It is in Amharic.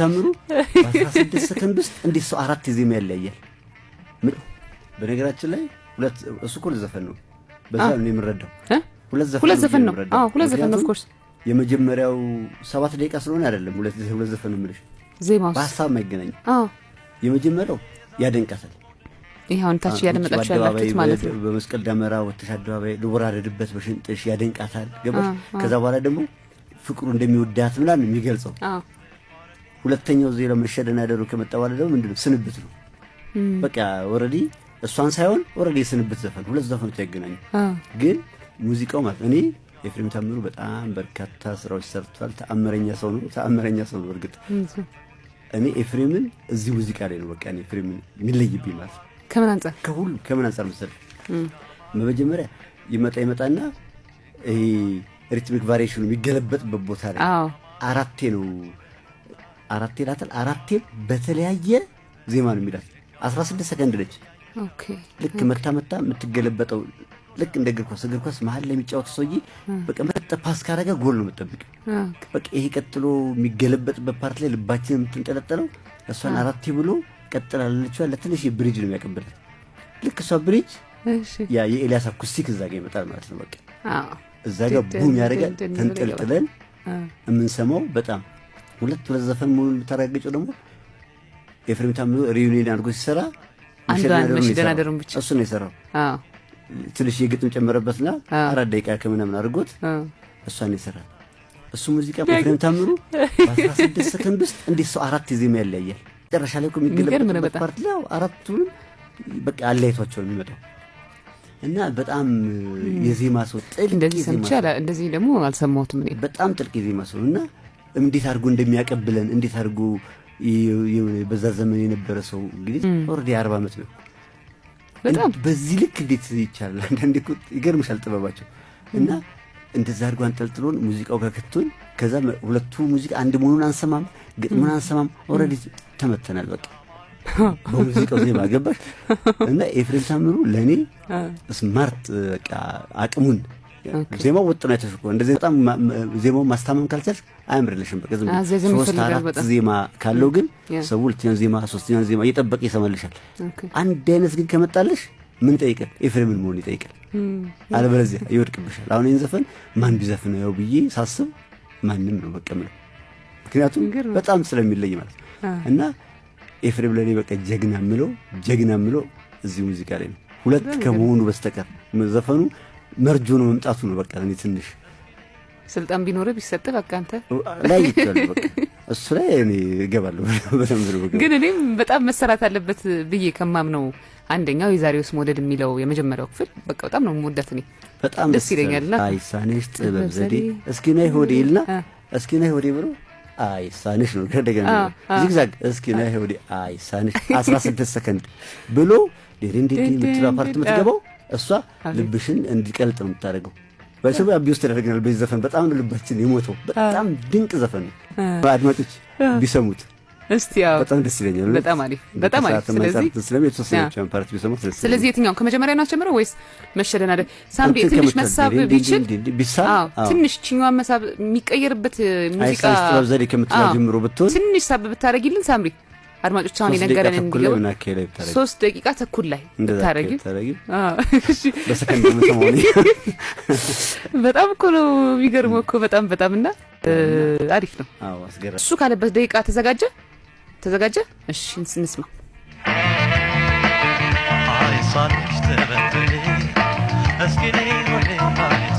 ተምሩ በ16 ሰከንድ ውስጥ እንዴት ሰው አራት ዜማ ያለያል? በነገራችን ላይ ሁለት እሱ እኮ ዘፈን ነው። በዛ ነው የምንረዳው። ሁለት ዘፈን ነው። አዎ ሁለት ዘፈን ነው። ኦፍ ኮርስ የመጀመሪያው ሰባት ደቂቃ ስለሆነ አይደለም ሁለት ሁለት ዘፈን ነው የምልሽ። ዜማው በሀሳብ ማይገናኝ አዎ። የመጀመሪያው ያደንቃታል። ይሄውን ታች ያደመጣችሁ ያላችሁት ማለት ነው። በመስቀል ደመራ ወተሽ አደባባይ ልወራረድበት በሽንጥሽ ያደንቃታል። ገባሽ? ከዛ በኋላ ደግሞ ፍቅሩ እንደሚወዳት ምናምን የሚገልጸው ሁለተኛው ዜሮ መሸደን ደሩ ከመጣ ደግሞ ምንድነው ስንብት ነው። በቃ ኦልሬዲ እሷን ሳይሆን ኦልሬዲ የስንብት ዘፈን ሁለት ዘፈኖች ያገናኙ ግን ሙዚቃው ማለት እኔ ኤፍሬም ታምሩ በጣም በርካታ ስራዎች ሰርቷል። ተአምረኛ ሰው ነው። ተአምረኛ ሰው ነው። እርግጥ እኔ ኤፍሬምን እዚህ ሙዚቃ ላይ ነው በቃ ኤፍሬምን የሚለይብኝ ማለት ነው። ከምን አንጻር ከሁሉ ከምን አንጻር መሰለህ በመጀመሪያ ይመጣ ይመጣና ይሄ ሪትሚክ ቫሪሽኑ የሚገለበጥበት ቦታ ላይ አራቴ ነው አራቴ ናትን አራቴም በተለያየ ዜማ ነው የሚላት። 16 ሰከንድ ነች። ልክ መታ መታ የምትገለበጠው ልክ እንደ እግር ኳስ እግር ኳስ መሀል ላይ ሰውዬ በቃ መጠ ፓስ ካረገ ጎል ነው መጠበቅ። በቃ ይሄ ቀጥሎ የሚገለበጥበት ፓርት ላይ ልባችን የምትንጠለጠለው እሷን አራቴ ብሎ ቀጥላለችዋ። ለትንሽ ብሪጅ ነው የሚያቀብላት። ልክ እሷ ብሪጅ ያ የኤልያስ አኩስቲክ እዛ ጋ ይመጣል ማለት ነው። በቃ እዛ ጋ ቡም ያደርጋል። ተንጠልጥለን የምንሰማው በጣም ሁለት በዘፈን ሙሉ መሆኑን ደግሞ ኤፍሬም ታምሩ ሪዩኒየን አድርጎ ሲሰራ እሱ ነው የሰራው። ትንሽ የግጥም ጨመረበትና አራት ደቂቃ ከምናምን አድርጎት እሷን የሰራ እሱ ሙዚቃ ኤፍሬም ታምሩ በአስራ ስድስት ሰከንድ ውስጥ እንዴት ሰው አራት ዜማ ያለያል። መጨረሻ ላይ የሚገለበት ፓርት ላይ አራቱንም በቃ አለያይቷቸው ነው የሚመጣው እና በጣም የዜማ ሰው ጥልቅ እንደዚህ ደግሞ አልሰማሁትም። በጣም ጥልቅ የዜማ ሰው እና እንዴት አድርጎ እንደሚያቀብለን እንዴት አድርጎ በዛ ዘመን የነበረ ሰው እንግዲህ ኦልሬዲ አርባ ዓመት ነው። በጣም በዚህ ልክ እንዴት ይቻላል? አንዳንዴ እኮ ይገርምሻል ጥበባቸው እና እንደዛ አድርጎ አንጠልጥሎን ሙዚቃው ከክቶን ከዛ ሁለቱ ሙዚቃ አንድ መሆኑን አንሰማም፣ ግጥሙን አንሰማም። ኦልሬዲ ተመተናል በቃ በሙዚቃው ዜማ ገባሽ እና ኤፍሬም ታምሩ ለእኔ ስማርት በቃ አቅሙን ዜማው ውጥ ነው የተፈቀው። እንደዚህ በጣም ዜማው ማስታመም ካልቻልሽ አያምርልሽም። በቃ ዝም ሶስት አራት ዜማ ካለው ግን ሰው ሁለተኛውን ዜማ ሶስተኛ ዜማ እየጠበቀ ይሰማልሻል። አንድ አይነት ግን ከመጣልሽ ምን ይጠይቃል? ኤፍሬምን መሆን ይጠይቃል። አለበለዚያ ይወድቅብሻል። አሁን ይህን ዘፈን ማን ቢዘፍነው ያው ብዬ ሳስብ ማንም ነው በቃ የምለው ምክንያቱም በጣም ስለሚለይ ማለት ነው። እና ኤፍሬም ለእኔ በቃ ጀግና ምለው ጀግና ምለው እዚህ ሙዚቃ ላይ ነው ሁለት ከመሆኑ በስተቀር ዘፈኑ መርጆ ነው መምጣቱ ነው። በቃ እኔ ትንሽ ስልጣን ቢኖረ ቢሰጥ በቃ አንተ ላይ ይቻላል በቃ እሱ ላይ እኔ እገባለሁ። ግን እኔም በጣም መሰራት አለበት ብዬ ከማምነው አንደኛው የዛሬውስ መውደድ የሚለው የመጀመሪያው ክፍል በቃ በጣም ነው የምወዳት እኔ በጣም ደስ ይለኛልና፣ አይሳኔሽ ጥበብ ዘዴ እስኪ ና ሆዴ ይልና እስኪ ና ሆዴ ብሎ አይሳንሽ ነው ከደገ ዚግዛግ እስኪ ነይ ሆዴ አይሳንሽ ስድስት ሰከንድ ብሎ ዲሪንዲዲ የምትለው ፓርት የምትገባው እሷ ልብሽን እንዲቀልጥ ነው የምታደርገው። በሰው አቢውስ ተደረግናል። በዚህ ዘፈን በጣም ልባችን የሞተው በጣም ድንቅ ዘፈን ነው። አድማጮች ቢሰሙት እስቲ ያው በጣም ደስ ይለኛል። በጣም አሪፍ በጣም አሪፍ። ስለዚህ ስለዚህ የትኛውን ከመጀመሪያ ነው አስጀምረው ወይስ መሸደን ደ ሳምቢ ትንሽ መሳብ ቢችል ቢሳብ ትንሽ ችኛዋን መሳብ የሚቀየርበት ሙዚቃ ጥበብ ዘዴ ከምትላ ጀምሮ ብትሆን ትንሽ ሳብ ብታደርጊልን ሳምሪ አድማጮች አሁን የነገረን ሶስት ደቂቃ ተኩል ላይ ታረጊ በጣም እኮ ነው የሚገርመው እኮ በጣም በጣም እና አሪፍ ነው እሱ ካለበት ደቂቃ ተዘጋጀ ተዘጋጀ እሺ እንስማ I